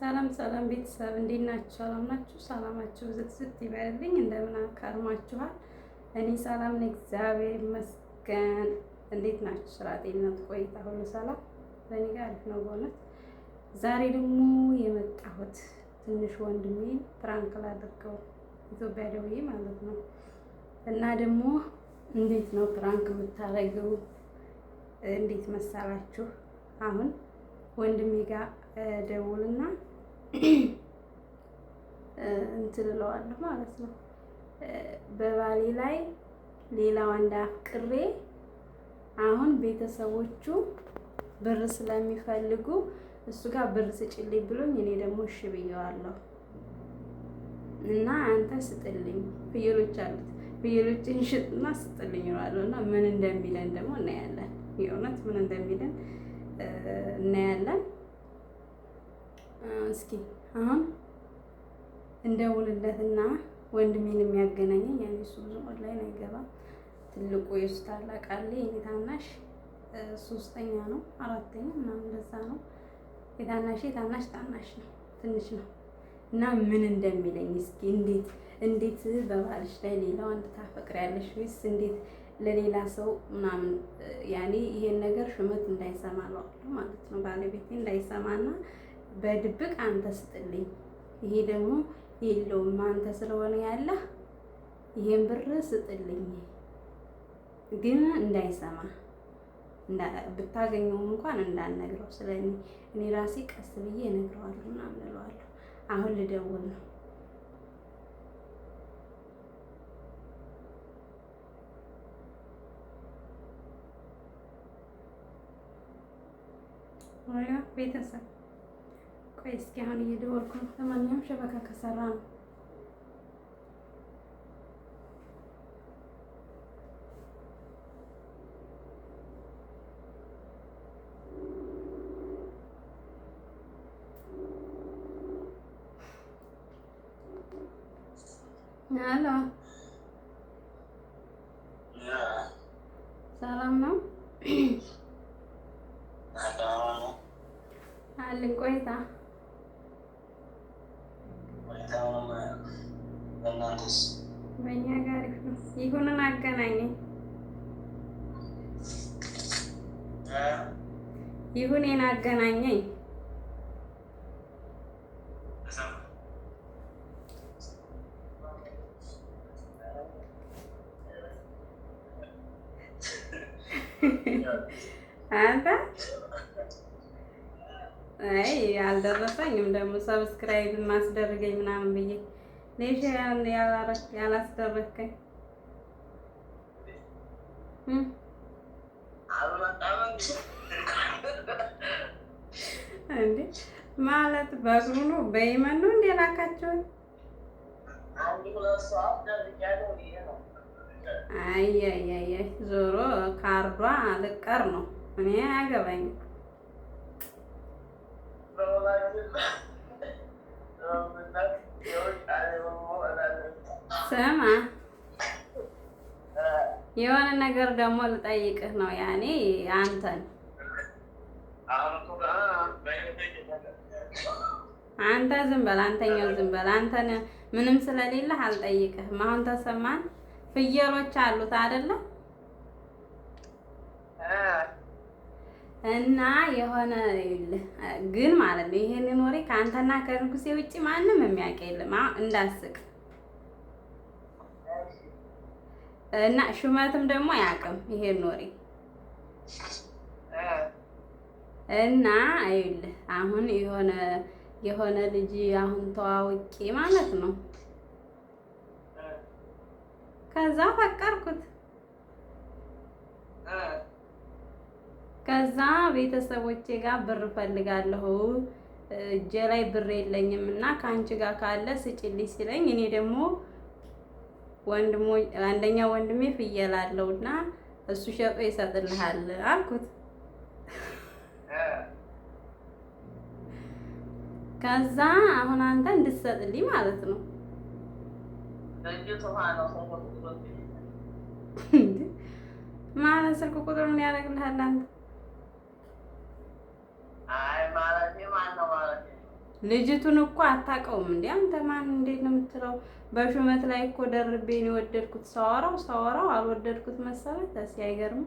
ሰላም ሰላም ቤተሰብ እንዴት ናችሁ? ሰላም ናችሁ? ሰላማችሁ ዝትዝት ይበልልኝ። እንደምን ከርማችኋል? እኔ ሰላም ነኝ፣ እግዚአብሔር ይመስገን። እንዴት ናችሁ? ስራ፣ ጤንነት፣ ቆይታ ሁሉ ሰላም በእኔ ጋር አሪፍ ነው በእውነት። ዛሬ ደግሞ የመጣሁት ትንሽ ወንድሜን ፕራንክ ላድርገው ኢትዮጵያ ደውዬ ማለት ነው እና ደግሞ እንዴት ነው ፕራንክ የምታደርገው? እንዴት መሰላችሁ አሁን ወንድሜ ጋር ደውልና እንትን እለዋለሁ ማለት ነው። በባሌ ላይ ሌላ ወንድ አፍቅሬ አሁን ቤተሰቦቹ ብር ስለሚፈልጉ እሱ ጋር ብር ስጭልኝ ብሎኝ እኔ ደግሞ እሺ ብየዋለሁ እና አንተ ስጥልኝ ፍየሎች አሉት ፍየሎችን ሽጥና ስጥልኝ እለዋለሁ እና ምን እንደሚለን ደግሞ እናያለን። የእውነት ምን እንደሚለን እናያለን። እስኪ አሁን እንደውልለትና ወንድሜን የሚያገናኘኝ ያኔ እሱ ብዙ ኦንላይን አይገባም። ትልቁ የሱ ታላቅ አለ። የኔ ታናሽ ሶስተኛ ነው አራተኛ ምናምን እንደዛ ነው። የታናሽ የታናሽ ታናሽ ነው ትንሽ ነው እና ምን እንደሚለኝ እስኪ እንዴት እንዴት በባልሽ ላይ ሌላ ወንድ ታፈቅሪያለሽ ወይስ እንዴት ለሌላ ሰው ምናምን ያኔ ይሄን ነገር ሹመት እንዳይሰማ ነው ማለት ነው ባለቤቴ እንዳይሰማና በድብቅ አንተ ስጥልኝ፣ ይሄ ደግሞ የለውም አንተ ስለሆነ ያለ ይሄን ብር ስጥልኝ፣ ግን እንዳይሰማ ብታገኘውም እንኳን እንዳልነግረው ስለ እኔ ራሴ ቀስ ብዬ እነግረዋለሁ ምናምን እለዋለሁ። አሁን ልደውል ነው ቤተሰብ እስኪ አሁን እየደወልኩ ነው። ለማንኛውም ሸበካ ከሰራ ነው አሎ፣ ሰላም ነው አለን ቆይታ ነሽ? በእኛ ጋር ይሁንን ይሁን ይሁኔን አገናኘኝ አንተ አይ አልደረሰኝም ደግሞ ሰብስክራይብ ማስደርገኝ ምናምን ብዬ ኔሻ ያን ያላረክ ያላስደረከኝ እንዴ ማለት በእግሩ ነው በየመን ነው እንደ ላካቸውን አያያያ ዞሮ ካርዷ ልቀር ነው። እኔ አያገባኝም። ስማ የሆነ ነገር ደግሞ ልጠይቅህ ነው። ያኔ አንተን አንተ ዝም በል አንተኛው ዝም በል አንተን ምንም ስለሌለህ አልጠይቅህም። አሁን ተሰማን ፍየሎች አሉት አይደለም እና የሆነ ግን ማለት ነው ይሄንን ወሬ ከአንተና ከንጉሴ ውጭ ማንም የሚያውቅ የለም። እንዳስቅ እና ሹመትም ደግሞ አያውቅም ይሄን ኖሬ እና አይል አሁን የሆነ የሆነ ልጅ አሁን ተዋውቄ ማለት ነው። ከዛ ፈቀርኩት። ከዛ ቤተሰቦቼ ጋር ብር ፈልጋለሁ እጄ ላይ ብር የለኝም እና ከአንቺ ጋር ካለ ስጭልኝ ሲለኝ እኔ ደግሞ ወንድሞ አንደኛ ወንድሜ ፍየል አለው እና እሱ ሸጦ ይሰጥልሃል አልኩት። ከዛ አሁን አንተ እንድትሰጥልኝ ማለት ነው። ማለት ስልክ ቁጥሩን ያደርግልሃል አንተ ልጅቱን እኮ አታውቀውም እንዲ አንተ ማን እንዴት ነው የምትለው? በሹመት ላይ እኮ ደርቤን የወደድኩት ሳወራው ሳወራው አልወደድኩት መሰለ። ተስ አይገርም።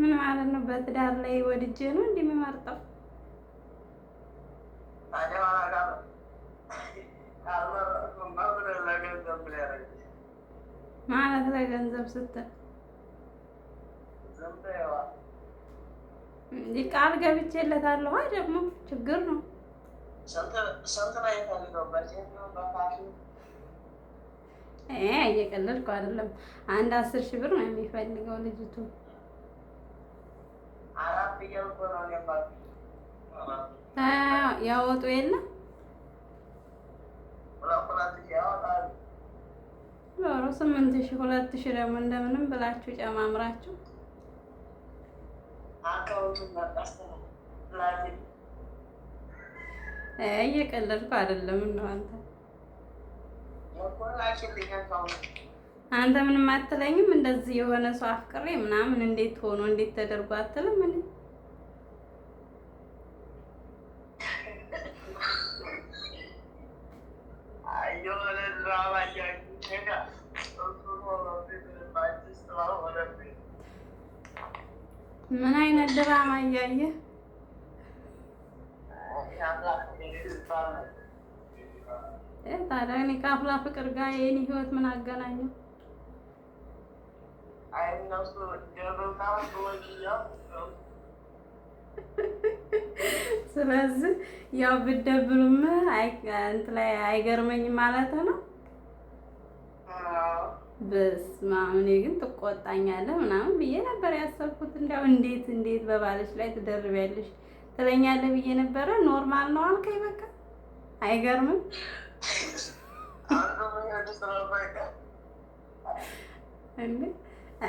ምን ማለት ነው? በትዳር ላይ ወድጄ ነው እንዴ የሚመርጠው? ማለት ለገንዘብ ስትል ቃል ገብቼለታለሁ። ደግሞ ችግር ነው። እየቀለድኩ አይደለም። አንድ አስር ሺህ ብር ነው የሚፈልገው ልጅቱ። ያወጡ የለ ዶሮ ስምንት ሺህ ሁለት ሺህ ደግሞ እንደምንም ብላችሁ ጨማምራችሁ እየቀለድኩ አይደለም። እንደው አንተ አንተ ምንም አትለኝም። እንደዚህ የሆነ ሰው አፍቅሬ ምናምን እንዴት ሆኖ እንዴት ተደርጎ አትልም። እኔ የሆነ ምን አይነት ድራማ እያየ ታዲያ? እኔ ከአፍላ ፍቅር ጋር የኔ ህይወት ምን አገናኘው? ስለዚህ ያው ብደብሉም እንትን ላይ አይገርመኝም ማለት ነው። በስማምኔ አብ እኔ ግን ትቆጣኛለህ ምናምን ብዬ ነበር ያሰብኩት። እንዲያው እንዴት እንዴት በባለች ላይ ትደርቢያለሽ ትለኛለህ ብዬ ነበረ። ኖርማል ነው አልከኝ። በቃ አይገርምም?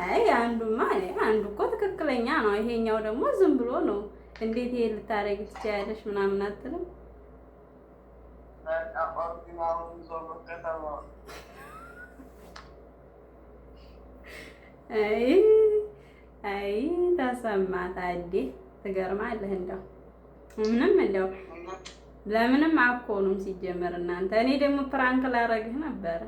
አይ አንዱማ አንዱ እኮ ትክክለኛ ነው፣ ይሄኛው ደግሞ ዝም ብሎ ነው። እንዴት ይሄን ልታደርጊ ትችያለሽ ምናምን አትልም። አይ አይ ተሰማ ታዴ ትገርማለህ። እንደው ምንም እንደው ለምንም አኮኑም ሲጀመር እናንተ። እኔ ደግሞ ፕራንክ ላረግህ ነበረ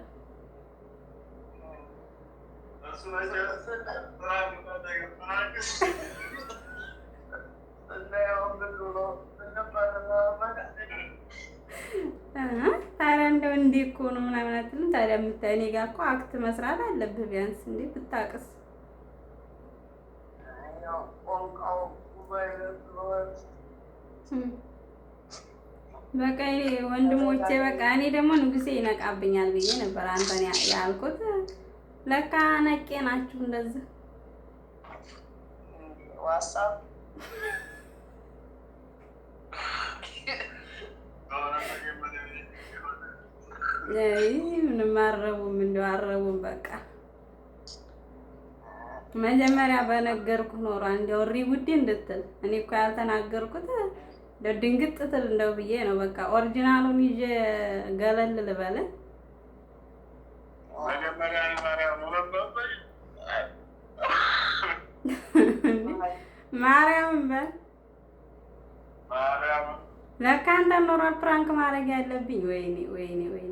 ታዲያ እንደው እንዴ እኮ ነው ምናምን አትልም። ታዲያ የምታይ እኔ ጋር እኮ አክት መስራት አለብህ ቢያንስ እንዴ ብታቅስ በቃ ወንድሞቼ በቃ እኔ ደግሞ ንጉሴ ይነቃብኛል ብዬ ነበር አንተን ያልኩት። ለካ ነቄ ናችሁ እንደዚህ ምንም አረቡም እንደው አረቡም በቃ መጀመሪያ በነገርኩ ኖሯ እንደው ሪ ውዴ እንድትል እኔ እኮ ያልተናገርኩት ድንግጥ ትል እንደው ብዬ ነው። በቃ ኦሪጂናሉን ይዤ ገለል ልበል። ማርያም በል ለካ እንደ ኖሯ ፕራንክ ማድረግ ያለብኝ ወይኔ ወይኔ ወይኔ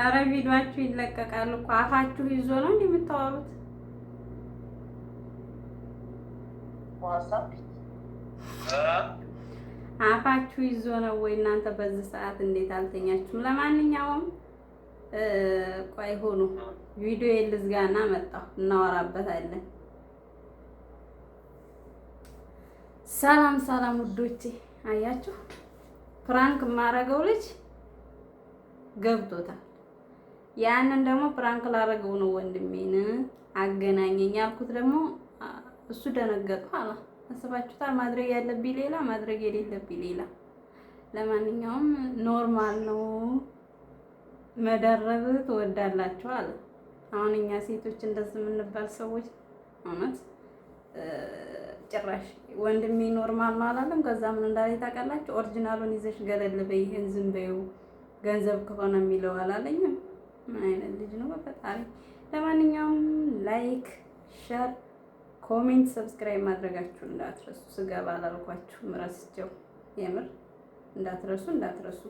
አረ ቪዲዮአችሁ ይለቀቃል እኮ አፋችሁ ይዞ ነው እንደ የምታወሩት። አፋችሁ ይዞ ነው ወይ እናንተ? በዚህ ሰዓት እንዴት አልተኛችሁም? ለማንኛውም ቆይ ሆኑ ቪዲዮ ልዝጋና መጣሁ፣ እናወራበታለን። ሰላም ሰላም ውዶቼ፣ አያችሁ ፕራንክ የማደርገው ልጅ ገብቶታል። ያንን ደግሞ ፕራንክ ላረገው ነው ወንድሜን አገናኘኝ ያልኩት ደግሞ እሱ ደነገጠ። አላ አስባችሁታል? ማድረግ ያለብኝ ሌላ፣ ማድረግ የሌለብኝ ሌላ። ለማንኛውም ኖርማል ነው መደረብ ትወዳላችሁ አለ። አሁን እኛ ሴቶች እንደዚህ የምንባል ሰዎች እውነት ጭራሽ ወንድሜ ኖርማል ነው አላለም። ከዛ ምን እንዳለ ታውቃላችሁ? ኦሪጂናሉን ይዘሽ ገለል በይ፣ ይህን ዝም በይው ገንዘብ ከሆነ የሚለው አላለኝም። ምን አይነት ልጅ ነው በፈጣሪ። ለማንኛውም ላይክ፣ ሸር፣ ኮሜንት፣ ሰብስክራይብ ማድረጋችሁ እንዳትረሱ። ስገባ አላልኳችሁም፣ የምር እንዳትረሱ እንዳትረሱ።